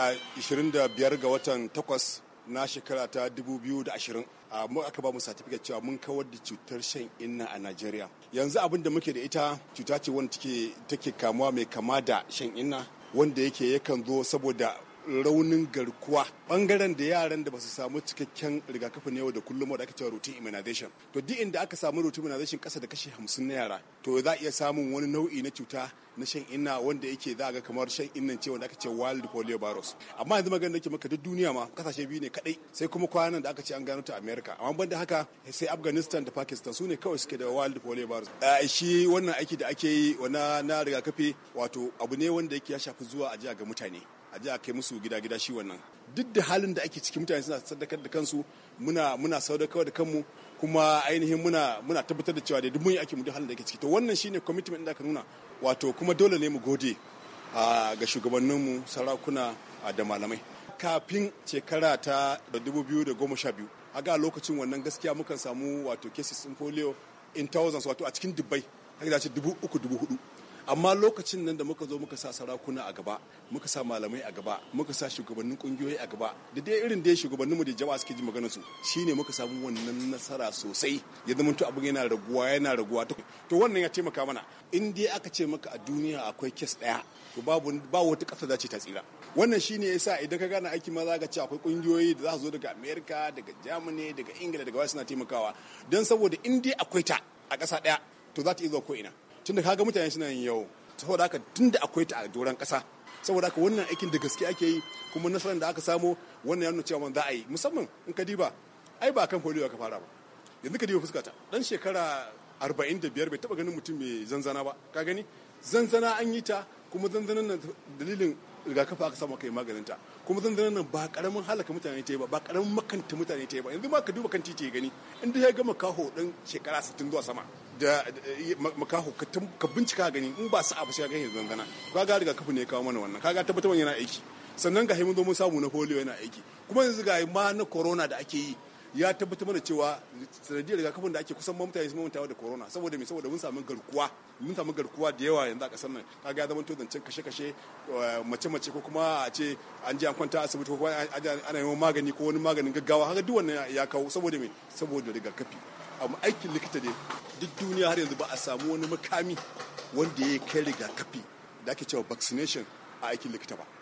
a 25 ga watan 8 na shekara ta 2020 a mu aka ba mu certificate cewa mun kawar da cutar shan inna a Najeriya. Yanzu abin da muke da ita cuta ce wanda take kamuwa mai kama da shan inna wanda yake yakan zo saboda raunin garkuwa bangaren da yaran da ba su samu cikakken rigakafin yau da kullum da aka cewa routine immunization to duk inda aka samu routine immunization kasa da kashi hamsin na yara to za a iya samun wani nau'i na cuta na shan inna wanda yake za a ga kamar shan innan ce wanda aka ce wild polio virus amma yanzu magana nake maka duk duniya ma kasashe biyu ne kadai sai kuma kwanan da aka ce an gano ta America amma banda haka sai Afghanistan da Pakistan su ne kawai suke da wild polio virus shi wannan aiki da ake yi na rigakafi wato abu ne wanda yake ya shafi zuwa ajiya ga mutane a je a kai musu gida gida shi wannan duk da halin da ake ciki mutane suna sadakar da kansu muna muna sadakar da kanmu kuma ainihin muna muna tabbatar da cewa da duk mun yi ake mu duk halin da ake ciki to wannan shine commitment da aka nuna wato kuma dole ne mu gode ga shugabanninmu sarakuna da malamai kafin shekara ta 2012 a ga lokacin wannan gaskiya mukan samu wato cases in polio in thousands wato a cikin dubbai haka ce dubu uku dubu hudu amma lokacin nan da muka zo muka sa sarakuna a gaba muka sa malamai a gaba muka sa shugabannin kungiyoyi a gaba da dai irin dai shugabannin mu da jama'a suke ji maganar su shine muka samu wannan nasara sosai ya zama to abin yana raguwa yana raguwa to wannan ya taimaka mana in dai aka ce maka a duniya akwai kes daya to babu ba wata kasa za ta tsira wannan shine yasa idan ka gane aiki ma za ka ce akwai kungiyoyi da za su zo daga America daga Germany daga Ingila daga wasu suna taimakawa don saboda in dai akwai ta a kasa daya to za ta iya zuwa ko ina tunda kaga mutane suna yin yawo saboda haka tunda akwai ta a doron kasa saboda haka wannan aikin da gaske ake yi kuma nasarar da aka samu wannan ya cewa za a yi musamman in ka diba ai ba kan polio ka fara ba yanzu ka diba fuskata dan shekara arba'in da biyar bai taba ganin mutum mai zanzana ba ka gani zanzana an yi ta kuma zanzanin nan dalilin rigakafi aka samu kai maganinta kuma zanzanin nan ba karamin halaka mutane ta yi ba ba karamin makanta mutane ta yi ba yanzu ma ka duba kan titi ya gani inda ya ga makaho dan shekara 60 zuwa sama da makaho ka bincika gani in ba su abu shi ka gani zanzana ga rigakafi ne ya kawo mana wannan ga tabbatar yana aiki sannan ga himin zo mun samu na polio yana aiki kuma yanzu ga ma na corona da ake yi ya tabbatar mana cewa sanadiyar rigakafin da ake kusan mamta sun mantawa da corona saboda mai saboda mun samu garkuwa mun samu garkuwa da yawa yanzu a kasar nan kaga ya zama to zancen kashe-kashe eh, mace-mace ko kuma a ce an je an kwanta a asibiti ko kuma ana yi magani ko wani maganin gaggawa haka duk wannan ya kawo saboda mai saboda rigakafi amma aikin likita ne duk duniya har yanzu ba a samu wani makami wanda ya kai rigakafi da ake cewa vaccination a aikin likita ba